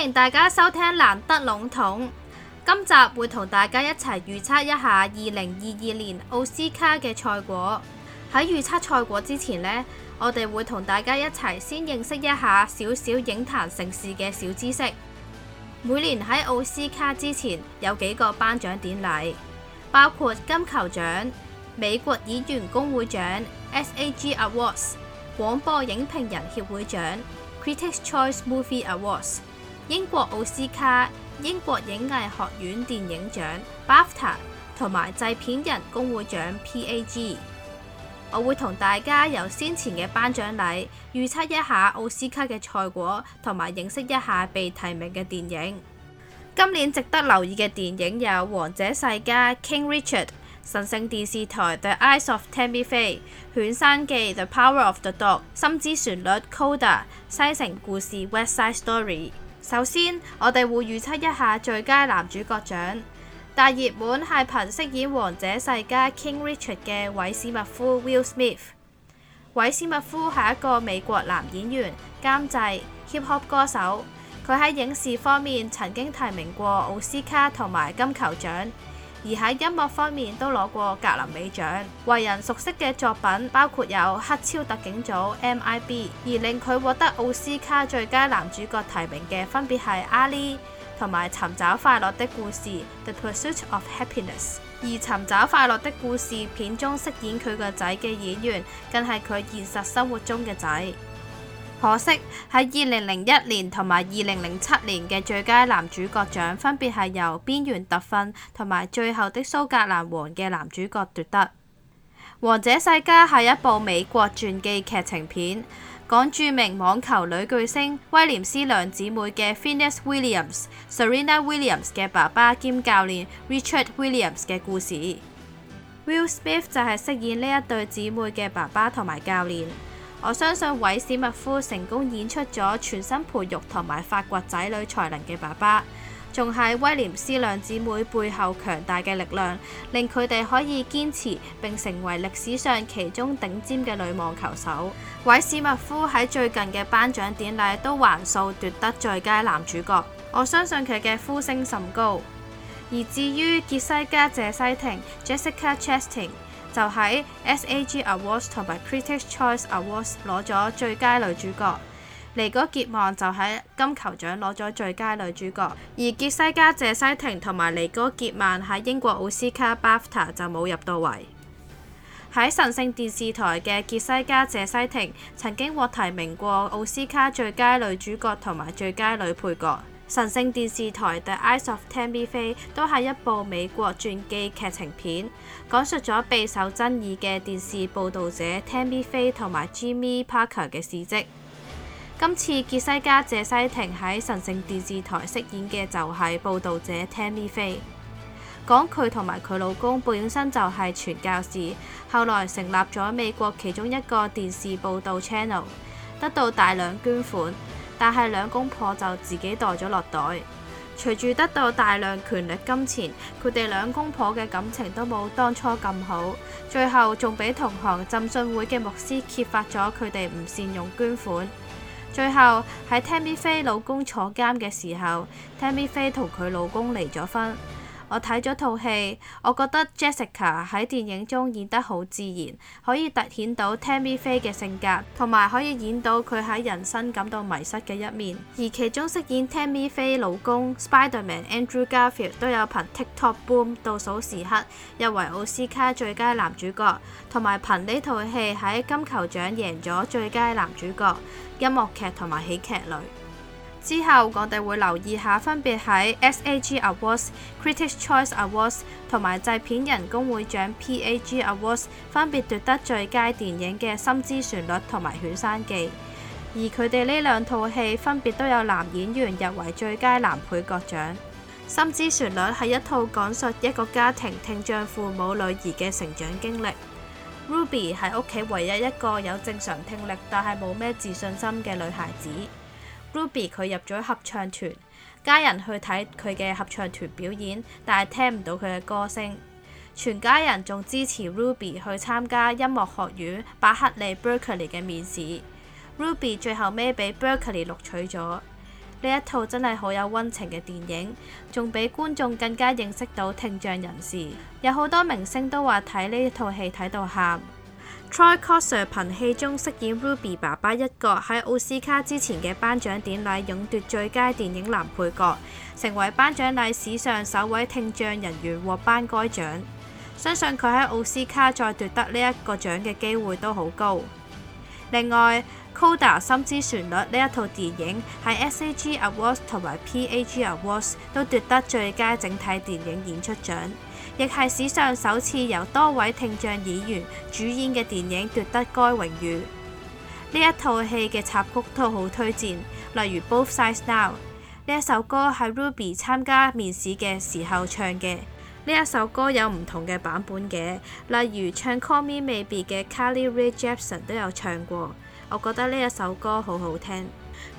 歡迎大家收聽難得籠統。今集會同大家一齊預測一下二零二二年奧斯卡嘅賽果。喺預測賽果之前呢，我哋會同大家一齊先認識一下少少影壇盛事嘅小知識。每年喺奧斯卡之前有幾個頒獎典禮，包括金球獎、美國演員工會獎 （SAG Awards）、廣播影評人協會獎 （Critics Choice Movie Awards）。英國奧斯卡、英國影藝學院電影獎 （BAFTA） 同埋製片人工會獎 （PAG），我會同大家由先前嘅頒獎禮預測一下奧斯卡嘅賽果，同埋認識一下被提名嘅電影。今年值得留意嘅電影有《王者世家》（King Richard）、《神聖電視台》（The Eyes of Tammy Faye）、《犬山記》（The Power of the Dog）、《心之旋律》（Coda）、《西城故事》（West Side Story）。首先，我哋會預測一下最佳男主角獎，大熱門係憑飾演《王者世家》King Richard 嘅韋斯密夫 Will Smith。韋斯密夫係一個美國男演員、監製、hip hop 歌手，佢喺影視方面曾經提名過奧斯卡同埋金球獎。而喺音樂方面都攞過格林美獎，為人熟悉嘅作品包括有《黑超特警組》（MIB），而令佢獲得奧斯卡最佳男主角提名嘅分別係《阿里》同埋《尋找快樂的故事》（The Pursuit of Happiness）。而《尋找快樂的故事》片中飾演佢個仔嘅演員，更係佢現實生活中嘅仔。可惜喺二零零一年同埋二零零七年嘅最佳男主角獎分別係由邊《邊緣特訓》同埋《最後的蘇格蘭王》嘅男主角奪得。《王者世家》係一部美國傳記劇情片，講著名網球女巨星威廉斯兩姊妹嘅 Venus Williams、Serena Williams 嘅爸爸兼教練 Richard Williams 嘅故事。Will Smith 就係飾演呢一對姊妹嘅爸爸同埋教練。我相信韋史密夫成功演出咗全心培育同埋發掘仔女才能嘅爸爸，仲係威廉斯兩姊妹背後強大嘅力量，令佢哋可以堅持並成為歷史上其中頂尖嘅女網球手。韋史密夫喺最近嘅頒獎典禮都橫掃奪得最佳男主角，我相信佢嘅呼聲甚高。而至於傑西加、謝西婷 （Jessica Chastain 就喺 SAG Awards 同埋 Critics Choice Awards 攞咗最佳女主角，尼哥杰曼就喺金球獎攞咗最佳女主角，而杰西加·謝西廷同埋尼哥杰曼喺英國奧斯卡 BAFTA 就冇入到圍。喺神聖電視台嘅杰西加·謝西廷曾經獲提名過奧斯卡最佳女主角同埋最佳女配角。神聖電視台的《The Eyes of Tammy Faye》都係一部美國傳記劇情片，講述咗備受爭議嘅電視報道者 Tammy Faye 同埋 Jimmy Parker 嘅事跡。今次杰西嘉謝西廷喺神聖電視台飾演嘅就係報道者 Tammy Faye，講佢同埋佢老公本身就係傳教士，後來成立咗美國其中一個電視報道 channel，得到大量捐款。但係兩公婆就自己袋咗落袋。隨住得到大量權力金錢，佢哋兩公婆嘅感情都冇當初咁好。最後仲俾同行浸信會嘅牧師揭發咗佢哋唔善用捐款。最後喺 Tammy Faye 老公坐監嘅時候，Tammy Faye 同佢老公離咗婚。我睇咗套戲，我覺得 Jessica 喺電影中演得好自然，可以突顯到 Tami m 菲嘅性格，同埋可以演到佢喺人生感到迷失嘅一面。而其中飾演 Tami m 菲老公 Spiderman Andrew Garfield 都有憑《t i k t o k Boom》倒數時刻入圍奧斯卡最佳男主角，同埋憑呢套戲喺金球獎贏咗最佳男主角、音樂劇同埋喜劇類。之後，我哋會留意下分別喺 SAG Awards、Critics Choice Awards 同埋製片人工會獎 PAG Awards 分別奪得最佳電影嘅《心之旋律》同埋《犬山記》，而佢哋呢兩套戲分別都有男演員入圍最佳男配角獎。《心之旋律》係一套講述一個家庭聽障父母女兒嘅成長經歷。Ruby 係屋企唯一一個有正常聽力但係冇咩自信心嘅女孩子。Ruby 佢入咗合唱團，家人去睇佢嘅合唱團表演，但係聽唔到佢嘅歌聲。全家人仲支持 Ruby 去參加音樂學院伯克利 （Berkeley） 嘅面試。Ruby 最後尾俾 Berkeley 錄取咗。呢一套真係好有温情嘅電影，仲俾觀眾更加認識到聽障人士。有好多明星都話睇呢一套戲睇到喊。Troy Kotsur 憑戲中飾演 Ruby 爸爸一角，喺奧斯卡之前嘅頒獎典禮勇奪最佳電影男配角，成為頒獎禮史上首位聽障人員獲頒該獎。相信佢喺奧斯卡再奪得呢一個獎嘅機會都好高。另外，《Coda》心之旋律呢一套電影喺 SAG Awards 同埋 PAG Awards 都奪得最佳整體電影演出獎。亦係史上首次由多位聽障演員主演嘅電影，奪得該榮譽。呢一套戲嘅插曲都好推薦，例如《Both Sides Now》呢一首歌係 Ruby 參加面試嘅時候唱嘅。呢一首歌有唔同嘅版本嘅，例如唱《Call Me Maybe》嘅 Carly Rae Jepsen 都有唱過。我覺得呢一首歌好好聽。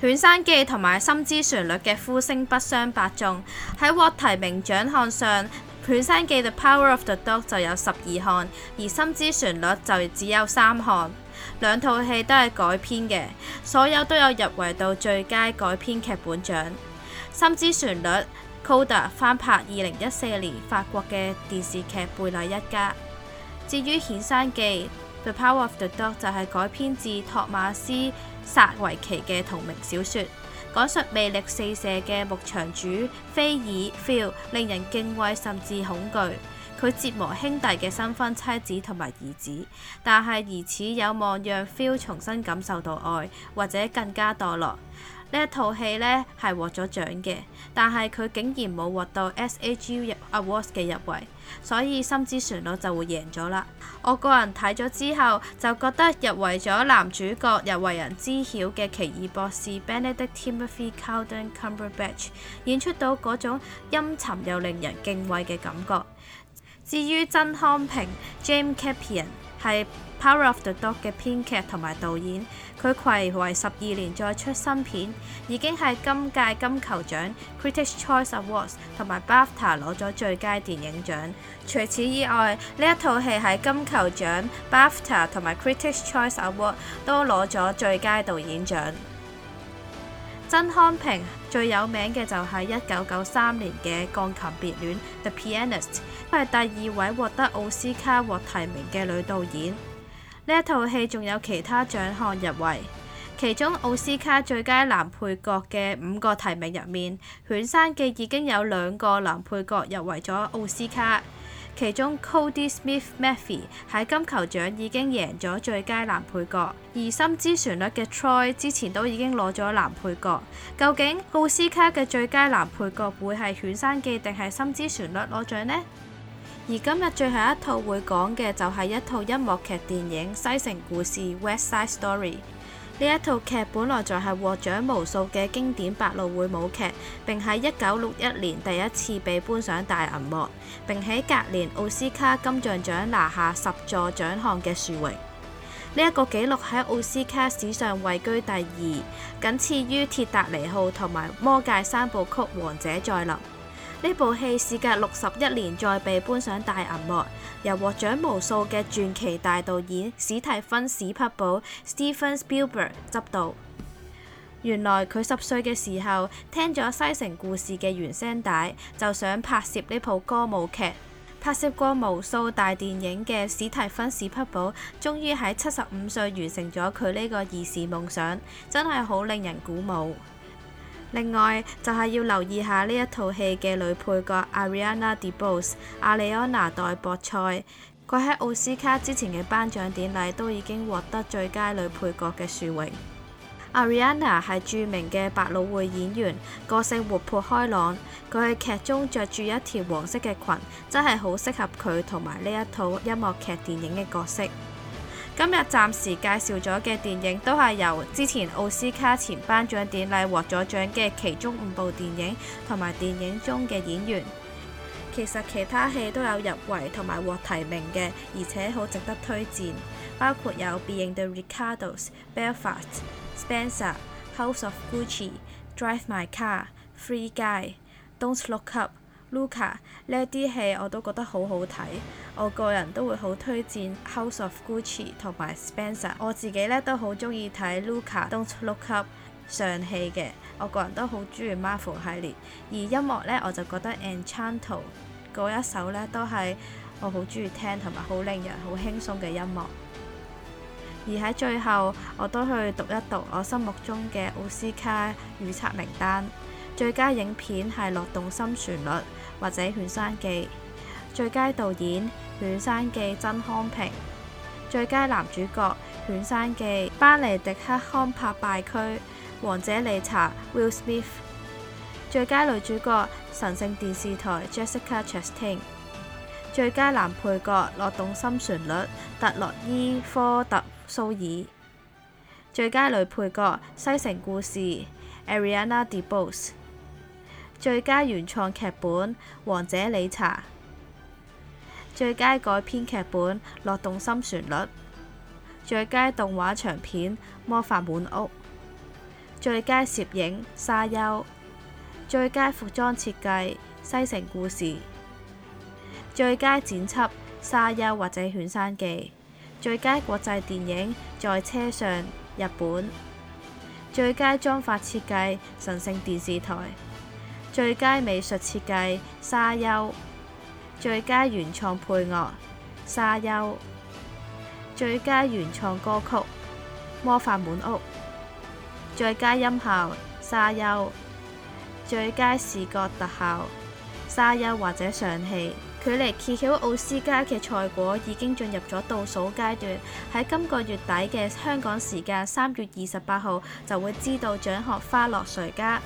《犬山記》同埋《心之旋律》嘅呼聲不相伯仲，喺獲提名獎項上。《犬山記》The Power of the Dog 就有十二項，而《心之旋律》就只有三項。兩套戲都係改編嘅，所有都有入圍到最佳改編劇本獎。《心之旋律》Coda 翻拍二零一四年法國嘅電視劇《貝麗一家》。至於《犬山記》The Power of the Dog 就係、是、改編自托馬斯薩維奇嘅同名小說。講述魅力四射嘅牧場主菲爾 （Phil），令人敬畏甚至恐懼。佢折磨兄弟嘅新婚妻子同埋兒子，但係兒子有望讓 Phil 重新感受到愛，或者更加墮落。呢一套戲呢係獲咗獎嘅，但係佢竟然冇獲到 SAG Awards 嘅入圍，所以心知船舵就會贏咗啦。我個人睇咗之後就覺得入圍咗男主角入圍人知曉嘅奇異博士 Benedict Timothy Carlton Cumberbatch，演出到嗰種陰沉又令人敬畏嘅感覺。至於珍康萍 Jane Campion 係。《Power of the Dog》嘅編劇同埋導演，佢攜回十二年再出新片，已經係今屆金球獎 Critics Choice Awards 同埋 BAFTA 攞咗最佳電影獎。除此以外，呢一套戲喺金球獎 BAFTA 同埋 Critics Choice Award 都攞咗最佳導演獎。珍康萍最有名嘅就係一九九三年嘅鋼琴別戀《The Pianist》，佢係第二位獲得奧斯卡獲提名嘅女導演。呢一套戲仲有其他獎項入圍，其中奧斯卡最佳男配角嘅五個提名入面，《犬山記》已經有兩個男配角入圍咗奧斯卡，其中 Kodi Smit-McPhee 喺金球獎已經贏咗最佳男配角，而《心之旋律》嘅 Troy 之前都已經攞咗男配角，究竟奧斯卡嘅最佳男配角會係《犬山記》定係《心之旋律》攞獎呢？而今日最後一套會講嘅就係一套音樂劇電影《西城故事》（West Side Story）。呢一套劇本來就係獲獎無數嘅經典百老匯舞劇，並喺一九六一年第一次被搬上大銀幕，並喺隔年奧斯卡金像獎拿下十座獎項嘅殊榮。呢一個紀錄喺奧斯卡史上位居第二，僅次於《鐵達尼號》同埋《魔界三部曲：王者再臨》。呢部戲事隔六十一年再被搬上大銀幕，由獲獎無數嘅傳奇大導演史提芬史匹堡 （Steven Spielberg） 執導。原來佢十歲嘅時候聽咗《西城故事》嘅原聲帶，就想拍攝呢部歌舞劇。拍攝過無數大電影嘅史提芬史匹堡，終於喺七十五歲完成咗佢呢個兒時夢想，真係好令人鼓舞。另外就係要留意下呢一套戲嘅女配角 Ariana DeBose 阿莉安娜代博塞，佢喺奧斯卡之前嘅頒獎典禮都已經獲得最佳女配角嘅殊榮。Ariana 係著名嘅百老匯演員，個性活潑開朗。佢喺劇中着住一條黃色嘅裙，真係好適合佢同埋呢一套音樂劇電影嘅角色。今日暫時介紹咗嘅電影都係由之前奧斯卡前頒獎典禮獲咗獎嘅其中五部電影，同埋電影中嘅演員。其實其他戲都有入圍同埋獲提名嘅，而且好值得推薦，包括有《Being the Ricardos》、《Belfast》、《Spencer》、《House of Gucci》、《Drive My Car》、《Free Guy》、《Don't Look Up》。Luca 呢啲戲我都覺得好好睇，我個人都會好推薦《House of Gucci》同埋《Spencer》。我自己咧都好中意睇 Luca，Don't Look Up 上戲嘅。我個人都好中意 Marvel 系列，而音樂呢，我就覺得《Encanto》嗰一首呢都係我好中意聽同埋好令人好輕鬆嘅音樂。而喺最後我都去讀一讀我心目中嘅奧斯卡預測名單，最佳影片係《樂動心旋律》。或者《犬山記》，最佳導演《犬山記》珍康萍，最佳男主角《犬山記》班尼迪克康柏拜區，王者理查 Will Smith，最佳女主角《神聖電視台》Jessica Chastain，最佳男配角《樂動心旋律》特洛伊科特蘇爾，最佳女配角《西城故事》Ariana DeBose。最佳原創劇本《王者理查》，最佳改編劇本《樂動心旋律》，最佳動畫長片《魔法滿屋》，最佳攝影沙丘，最佳服裝設計《西城故事》，最佳剪輯沙丘或者《犬山記》，最佳國際電影《在車上》日本，最佳妝髮設計《神聖電視台》。最佳美術設計沙丘，最佳原創配樂沙丘，最佳原創歌曲《魔法滿屋》，最佳音效沙丘，最佳視覺特效沙丘或者尚氣。距離揭曉奧斯卡嘅賽果已經進入咗倒數階段，喺今個月底嘅香港時間三月二十八號就會知道獎項花落誰家。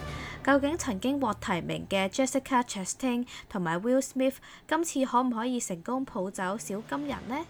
究竟曾經獲提名嘅 Jessica Chastain 同埋 Will Smith，今次可唔可以成功抱走小金人呢？